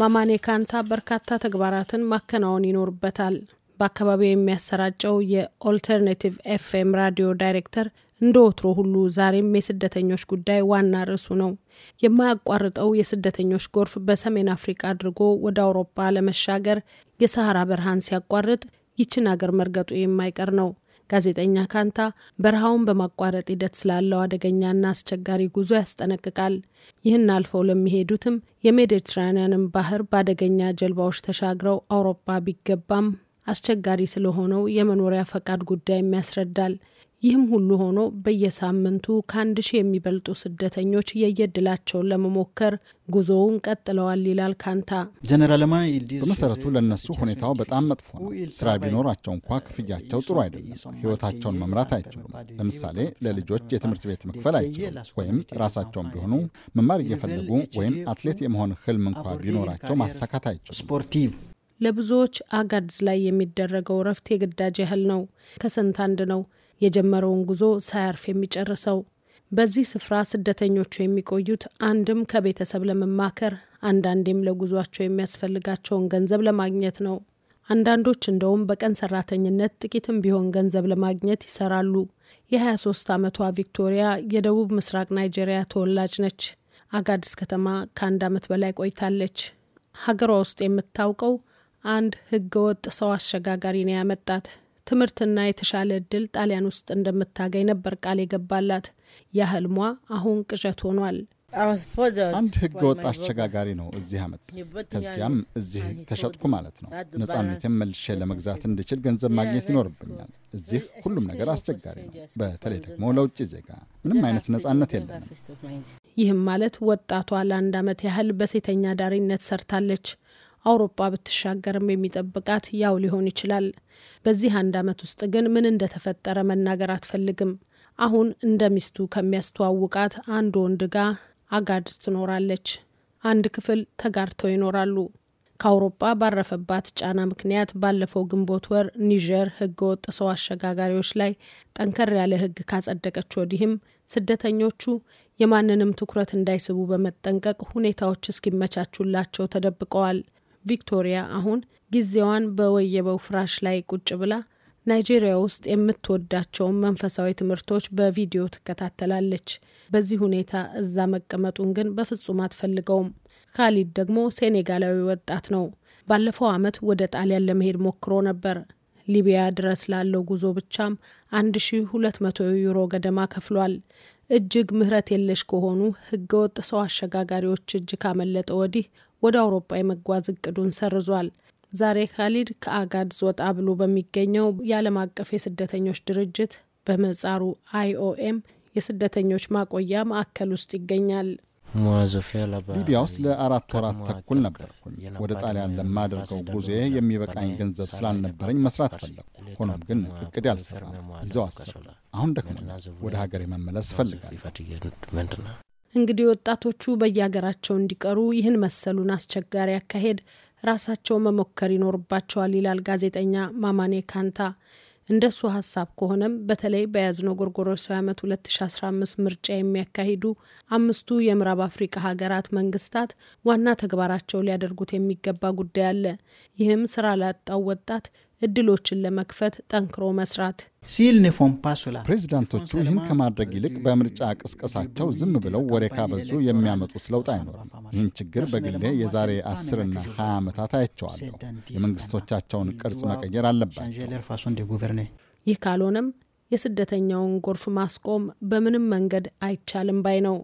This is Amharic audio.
ማማኔ ካንታ በርካታ ተግባራትን ማከናወን ይኖርበታል። በአካባቢው የሚያሰራጨው የኦልተርኔቲቭ ኤፍኤም ራዲዮ ዳይሬክተር እንደ ወትሮ ሁሉ ዛሬም የስደተኞች ጉዳይ ዋና ርዕሱ ነው። የማያቋርጠው የስደተኞች ጎርፍ በሰሜን አፍሪካ አድርጎ ወደ አውሮፓ ለመሻገር የሰሐራ በርሃን ሲያቋርጥ ይችን አገር መርገጡ የማይቀር ነው። ጋዜጠኛ ካንታ በረሃውን በማቋረጥ ሂደት ስላለው አደገኛና አስቸጋሪ ጉዞ ያስጠነቅቃል። ይህን አልፈው ለሚሄዱትም የሜዲትራኒያንን ባህር በአደገኛ ጀልባዎች ተሻግረው አውሮፓ ቢገባም አስቸጋሪ ስለሆነው የመኖሪያ ፈቃድ ጉዳይም ያስረዳል። ይህም ሁሉ ሆኖ በየሳምንቱ ከአንድ ሺህ የሚበልጡ ስደተኞች የየድላቸውን ለመሞከር ጉዞውን ቀጥለዋል ይላል ካንታ። በመሰረቱ ለእነሱ ሁኔታው በጣም መጥፎ ነው። ስራ ቢኖራቸው እንኳ ክፍያቸው ጥሩ አይደለም። ህይወታቸውን መምራት አይችሉም። ለምሳሌ ለልጆች የትምህርት ቤት መክፈል አይችሉም። ወይም ራሳቸውን ቢሆኑ መማር እየፈለጉ ወይም አትሌት የመሆን ህልም እንኳ ቢኖራቸው ማሳካት አይችሉም። ለብዙዎች አጋድዝ ላይ የሚደረገው እረፍት የግዳጅ ያህል ነው። ከስንት አንድ ነው። የጀመረውን ጉዞ ሳያርፍ የሚጨርሰው። በዚህ ስፍራ ስደተኞቹ የሚቆዩት አንድም ከቤተሰብ ለመማከር አንዳንዴም ለጉዟቸው የሚያስፈልጋቸውን ገንዘብ ለማግኘት ነው። አንዳንዶች እንደውም በቀን ሰራተኝነት ጥቂትም ቢሆን ገንዘብ ለማግኘት ይሰራሉ። የ23 ዓመቷ ቪክቶሪያ የደቡብ ምስራቅ ናይጄሪያ ተወላጅ ነች። አጋዲስ ከተማ ከአንድ ዓመት በላይ ቆይታለች። ሀገሯ ውስጥ የምታውቀው አንድ ህገወጥ ሰው አሸጋጋሪ ነው ያመጣት። ትምህርትና የተሻለ እድል ጣሊያን ውስጥ እንደምታገኝ ነበር ቃል የገባላት። ያህልሟ አሁን ቅዠት ሆኗል። አንድ ህገ ወጥ አሸጋጋሪ ነው እዚህ አመጣ። ከዚያም እዚህ ተሸጥኩ ማለት ነው። ነፃነቴን መልሼ ለመግዛት እንድችል ገንዘብ ማግኘት ይኖርብኛል። እዚህ ሁሉም ነገር አስቸጋሪ ነው፣ በተለይ ደግሞ ለውጭ ዜጋ ምንም አይነት ነፃነት የለንም። ይህም ማለት ወጣቷ ለአንድ አመት ያህል በሴተኛ ዳሪነት ሰርታለች። አውሮፓ ብትሻገርም የሚጠብቃት ያው ሊሆን ይችላል። በዚህ አንድ ዓመት ውስጥ ግን ምን እንደተፈጠረ መናገር አትፈልግም። አሁን እንደ ሚስቱ ከሚያስተዋውቃት አንድ ወንድ ጋ አጋድስ ትኖራለች። አንድ ክፍል ተጋርተው ይኖራሉ። ከአውሮፓ ባረፈባት ጫና ምክንያት ባለፈው ግንቦት ወር ኒጀር ሕገ ወጥ ሰው አሸጋጋሪዎች ላይ ጠንከር ያለ ሕግ ካጸደቀች ወዲህም ስደተኞቹ የማንንም ትኩረት እንዳይስቡ በመጠንቀቅ ሁኔታዎች እስኪመቻቹላቸው ተደብቀዋል። ቪክቶሪያ አሁን ጊዜዋን በወየበው ፍራሽ ላይ ቁጭ ብላ ናይጄሪያ ውስጥ የምትወዳቸውን መንፈሳዊ ትምህርቶች በቪዲዮ ትከታተላለች። በዚህ ሁኔታ እዛ መቀመጡን ግን በፍጹም አትፈልገውም። ካሊድ ደግሞ ሴኔጋላዊ ወጣት ነው። ባለፈው ዓመት ወደ ጣሊያን ለመሄድ ሞክሮ ነበር። ሊቢያ ድረስ ላለው ጉዞ ብቻም 1200 ዩሮ ገደማ ከፍሏል። እጅግ ምህረት የለሽ ከሆኑ ህገወጥ ሰው አሸጋጋሪዎች እጅ ካመለጠ ወዲህ ወደ አውሮፓ የመጓዝ እቅዱን ሰርዟል። ዛሬ ካሊድ ከአጋድዝ ወጣ ብሎ በሚገኘው የዓለም አቀፍ የስደተኞች ድርጅት በምህጻሩ አይኦኤም የስደተኞች ማቆያ ማዕከል ውስጥ ይገኛል። ሊቢያ ውስጥ ለአራት ወራት ተኩል ነበርኩኝ። ወደ ጣሊያን ለማደርገው ጉዞ የሚበቃኝ ገንዘብ ስላልነበረኝ መስራት ፈለጉ። ሆኖም ግን እቅድ ያልሰራ ይዘው አሰሩ። አሁን ደክሞኛል። ወደ ሀገር መመለስ እፈልጋለሁ። እንግዲህ ወጣቶቹ በየሀገራቸው እንዲቀሩ ይህን መሰሉን አስቸጋሪ አካሄድ ራሳቸው መሞከር ይኖርባቸዋል ይላል ጋዜጠኛ ማማኔ ካንታ። እንደሱ ሀሳብ ከሆነም በተለይ በያዝነው ጎርጎሮሳዊ ዓመት 2015 ምርጫ የሚያካሂዱ አምስቱ የምዕራብ አፍሪካ ሀገራት መንግስታት ዋና ተግባራቸው ሊያደርጉት የሚገባ ጉዳይ አለ። ይህም ስራ ላጣው ወጣት እድሎችን ለመክፈት ጠንክሮ መስራት ሲል ፕሬዚዳንቶቹ ይህን ከማድረግ ይልቅ በምርጫ ቅስቀሳቸው ዝም ብለው ወሬ ካበዙ የሚያመጡት ለውጥ አይኖርም። ይህን ችግር በግሌ የዛሬ አስርና እና ዓመታት አያቸዋለሁ። የመንግስቶቻቸውን ቅርጽ መቀየር አለባቸው። ይህ ካልሆነም የስደተኛውን ጎርፍ ማስቆም በምንም መንገድ አይቻልም ባይ ነው።